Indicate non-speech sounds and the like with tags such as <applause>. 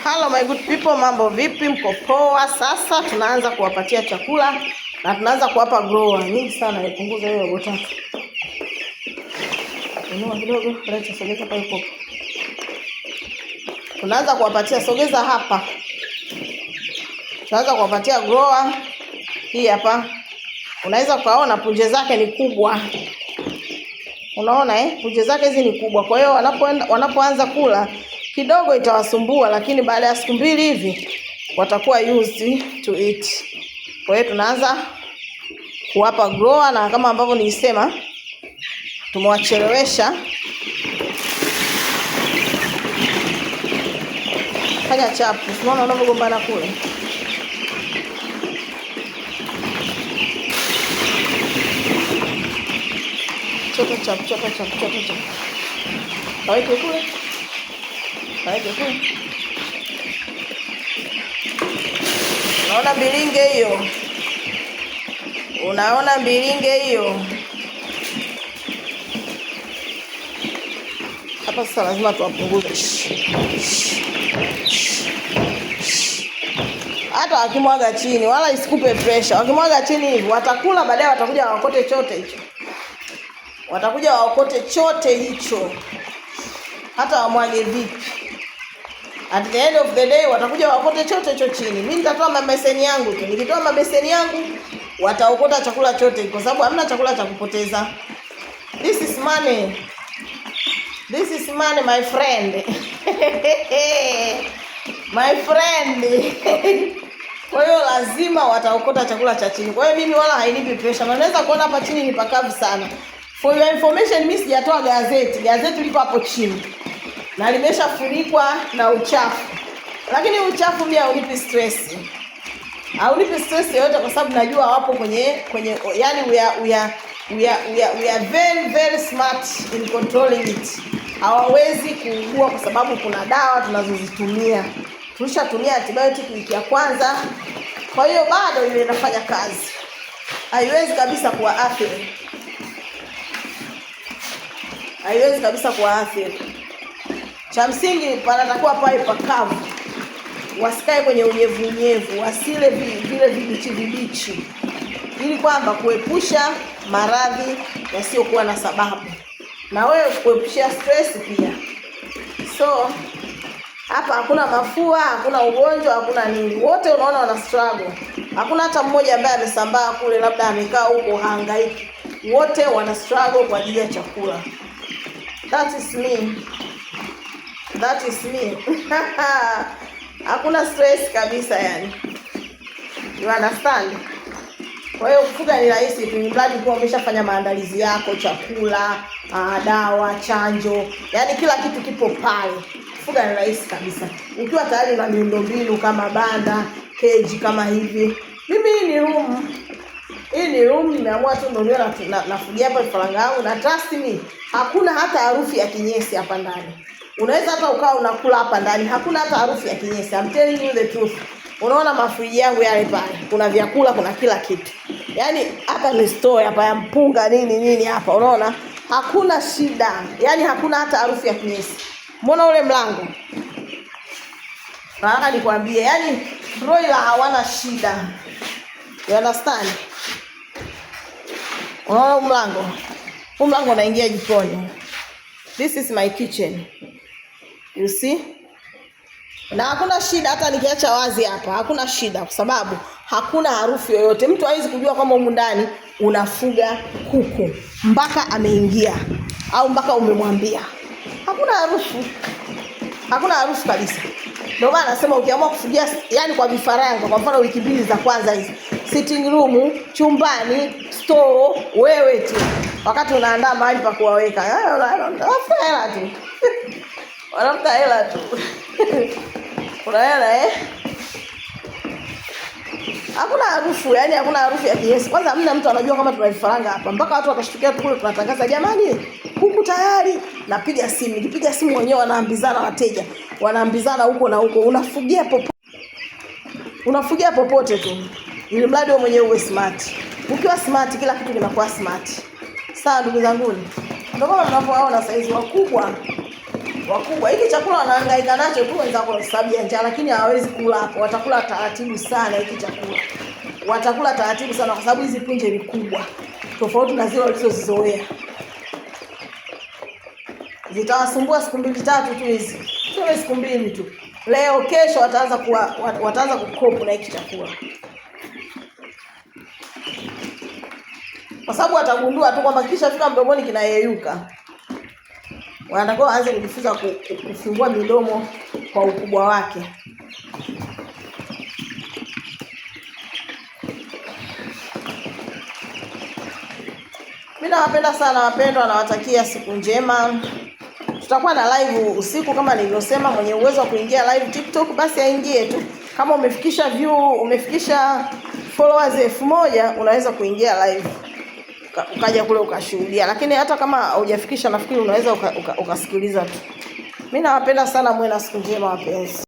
Hello my good people, mambo vipi? Mko poa? Sasa tunaanza kuwapatia chakula na tunaanza kuwapa grower nyingi sana. Ipunguza hiyo robo tatu, inua kidogo, leta, sogeza pale popo. Tunaanza kuwapatia, sogeza hapa, tunaanza kuwapatia grower hii hapa. Unaweza ukaona punje zake ni kubwa, unaona eh? punje zake hizi ni kubwa, kwa hiyo wanapoanza kula kidogo itawasumbua, lakini baada ya siku mbili hivi watakuwa used to it. Kwa hiyo tunaanza kuwapa grower, na kama ambavyo nilisema tumewachelewesha. Fanya chapu, unaona wanavyogombana kule. Chota chapu, chota chapu, chapu, kaweke kule unaona bilinge hiyo, unaona bilinge hiyo hapa. Sasa lazima tuwapunguze, hata wakimwaga chini wala isikupe pressure. Wakimwaga chini hivi watakula, baadaye watakuja waokote chote hicho, watakuja waokote chote hicho, hata wamwage vipi at the end of the day watakuja waokote chote cho chini. Mimi nitatoa mabeseni yangu tu, nikitoa mabeseni yangu wataokota chakula chote, kwa sababu hamna chakula cha kupoteza. This is money, this is money my friend <laughs> my friend <laughs> Kwa hiyo lazima wataokota chakula cha chini. Kwa hiyo mimi wala hainipi pressure. Maana kuona hapa chini ni pakavu sana. For your information, mimi sijatoa gazeti. Gazeti lipo hapo chini na limeshafunikwa na uchafu. Lakini uchafu pia haunipi stress, haunipi stress yoyote, kwa sababu najua wapo kwenye kwenye, yani we are, we are, we are, we are, we are very very smart in controlling it. Hawawezi kuugua kwa sababu kuna dawa tunazozitumia, tulishatumia antibiotic wiki ya kwanza, kwa hiyo bado ile inafanya kazi, haiwezi kabisa kuwaathiri, haiwezi kabisa kuwaathiri. Cha msingi panatakuwa pale pakavu, wasikae kwenye unyevu wasile vile vibichi vibichi, ili kwamba kuepusha maradhi yasiyokuwa na sababu, na wewe kuepusha stress pia. So hapa hakuna mafua, hakuna ugonjwa, hakuna nini, wote unaona wana struggle. Hakuna hata mmoja ambaye amesambaa kule, labda amekaa huko hangaiki, wote wana struggle kwa ajili ya chakula. That is me. That is me. <laughs> Hakuna stress kabisa yani. You understand? Kwa hiyo kufuga ni rahisi tu, mradi kwa umeshafanya maandalizi yako, chakula, ah, dawa, chanjo, yaani kila kitu kipo pale. Kufuga ni rahisi kabisa, ukiwa tayari na miundombinu kama banda, keji kama hivi. Mimi hii ni room, hii ni room, nimeamua tu ndio nafugia hapa vifaranga wangu na trust me, hakuna hata harufu ya kinyesi hapa ndani. Unaweza hata ukawa unakula hapa ndani, hakuna hata harufu ya kinyesi. I'm telling you the truth. Unaona mafriji yangu yale pale, kuna vyakula, kuna kila kitu. Yaani hata ni store hapa ya mpunga nini nini hapa, unaona? Hakuna shida. Yaani hakuna hata harufu ya kinyesi. Mbona ule mlango? Nataka nikwambie, yaani broiler hawana shida. You understand? Unaona mlango? Huu mlango unaingia jikoni. This is my kitchen. You see? Na hakuna shida hata nikiacha wazi hapa, hakuna shida kwa sababu hakuna harufu yoyote. Mtu hawezi kujua kwamba humu ndani unafuga kuku mpaka ameingia au mpaka umemwambia. Hakuna harufu, hakuna harufu kabisa. Ndio maana nasema ukiamua kufugia, yani kwa vifaranga, kwa mfano wiki mbili za kwanza hizi, sitting room, chumbani, store, wewe tu, wakati unaandaa mahali pa kuwaweka, eh, hela tu <laughs> wanafuta hela tu kuna hela eh? Hakuna harufu yani, eh, hakuna harufu ya kiesi. Kwanza hamna mtu anajua kama vifaranga hapa, mpaka watu watashtukia kule tunatangaza, jamani, huku tayari. Napiga simu, nikipiga simu wenyewe wanaambizana, wateja wanaambizana huko na huko, unafugia popote, unafugia popote tu, ili mradi wewe mwenyewe uwe smart. Ukiwa smart, kila kitu kinakuwa smart. Sawa ndugu zangu, ndio kama mnavyoona saizi wakubwa wakubwa. Hiki chakula wanahangaika nacho tu wenzako kwa sababu ya njaa, lakini hawawezi kula hapo. Watakula taratibu sana hiki chakula, watakula taratibu sana kwa sababu hizi punje ni kubwa, tofauti na zile walizozizoea. Zitawasumbua siku mbili tatu tu hizi, sio siku mbili tu. Leo kesho wataanza kuwa wataanza kukopu na hiki chakula kwa sababu watagundua tu kwamba kisha fika mdomoni kinayeyuka wanatakiwa waanze kujifunza kufungua midomo kwa ukubwa wake. Mimi nawapenda sana wapendwa, nawatakia siku njema. Tutakuwa na live usiku kama nilivyosema. Mwenye uwezo wa kuingia live TikTok basi aingie tu. Kama umefikisha view, umefikisha followers elfu moja unaweza kuingia live ukaja kule ukashuhudia, lakini hata kama hujafikisha, nafikiri unaweza ukasikiliza uka, uka tu. Mimi nawapenda sana, mwe na siku njema wapenzi.